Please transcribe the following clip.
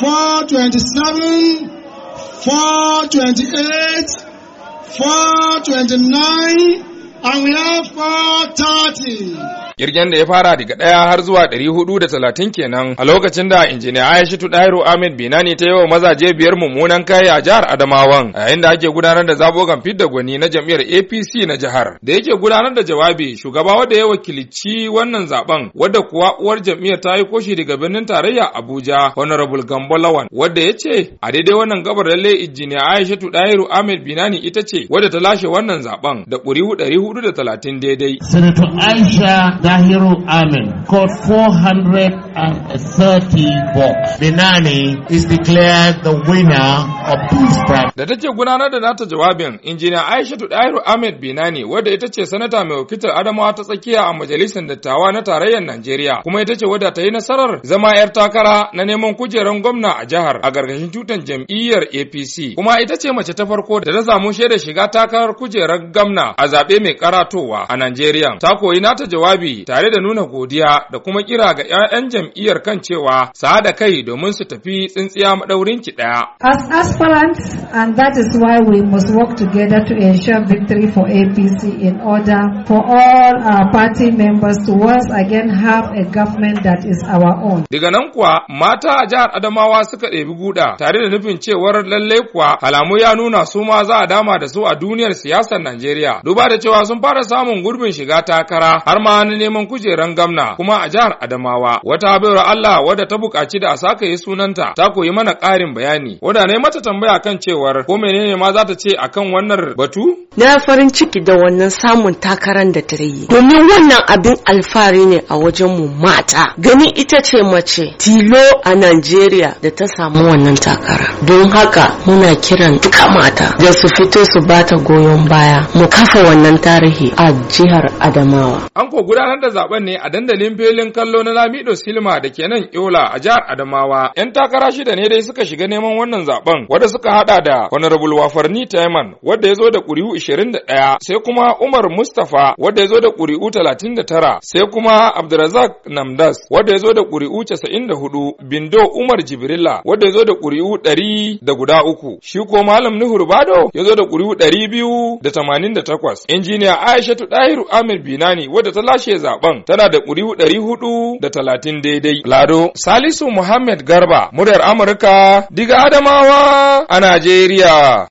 four twenty seven four twenty eight four twenty nine and we have four thirty. Kirgen da ya fara daga ɗaya har zuwa ɗari hudu da talatin kenan a lokacin da injiniya Aishatu ɗahiru Ahmed Binani ta yi wa mazaje biyar mummunan kai a jihar Adamawan a yayin da ake gudanar da zabogan fidda gwani na jam'iyyar APC na jihar. Da yake gudanar da jawabi shugaba wadda ya wakilci wannan zaben wadda kuwa uwar jam'iyyar ta yi koshi daga birnin tarayya Abuja Honorable Gambo Lawan wadda ya ce a daidai wannan gabar lalle injiniya Aishatu ɗahiru Ahmed Binani ita ce wadda ta lashe wannan zaben da ƙuri'u ɗari hudu da talatin daidai. Senator Aisha Dahiru Amin caught 430 votes. Binani is declared the winner of Da take gudanar da nata jawabin, injiniya Aishatu Dairu Ahmed Binani wadda ita ce sanata mai wakiltar Adamawa ta tsakiya a majalisar dattawa na tarayyar Najeriya, kuma ita ce wadda ta yi nasarar zama 'yar takara na neman kujerar gwamna a jihar a gargashin tutan jam'iyyar APC, kuma ita ce mace ta farko da ta samu shaida shiga takarar kujerar gwamna a zaɓe mai karatowa a Najeriya. Ta koyi nata jawabi tare da nuna godiya da kuma kira ga 'ya'yan jam'iyyar kan cewa su haɗa kai domin su tafi tsintsiya maɗaurin ki ɗaya. As aspirants and that is why we must work together to ensure victory for APC in order for all our party members to once again have a government that is our own. Daga nan kuwa mata a jihar Adamawa suka ɗebi guda tare da nufin cewar lalle kuwa alamu ya nuna su ma za a dama da su a duniyar siyasar Najeriya. Duba da cewa sun fara samun gurbin shiga takara har ma na neman kujeran gamna kuma a jihar Adamawa wata bayar Allah wadda ta buƙaci da a saka yi sunanta ta koyi mana ƙarin bayani wadda na yi mata tambaya kan cewar ko menene ma za ta ce akan wannan batu na farin ciki da wannan samun takarar da ta yi domin wannan abin alfahari ne a wajen mu mata gani ita ce mace tilo a Najeriya da ta samu wannan takara don haka muna kiran duka mata da su fito su bata goyon baya mu kafa wannan tarihi a jihar Adamawa an ko guda gudanar da zaben ne a dandalin filin kallo na Lamido Silma da ke nan Iola a jihar Adamawa. Yan takara shida ne dai suka shiga neman wannan zaben wanda suka hada da Honorable Wafarni Taiman wanda ya zo da ƙuri'u 21 sai kuma Umar Mustafa wanda ya zo da ƙuri'u 39 sai kuma Abdulrazak Namdas wanda ya zo da ƙuri'u 94 Bindo Umar Jibrilla wanda ya zo da ƙuri'u 100 da guda uku shi ko Malam Nuhur Bado ya zo da ƙuri'u 288 Injiniya Aishatu Dahiru Amir Binani wadda ta lashe zaben tana da ƙuri'u ɗari hudu da talatin daidai. Lado Salisu Muhammad Garba, muryar Amurka, diga Adamawa a Najeriya.